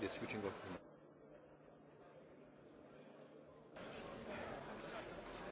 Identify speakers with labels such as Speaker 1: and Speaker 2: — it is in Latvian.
Speaker 1: discussing of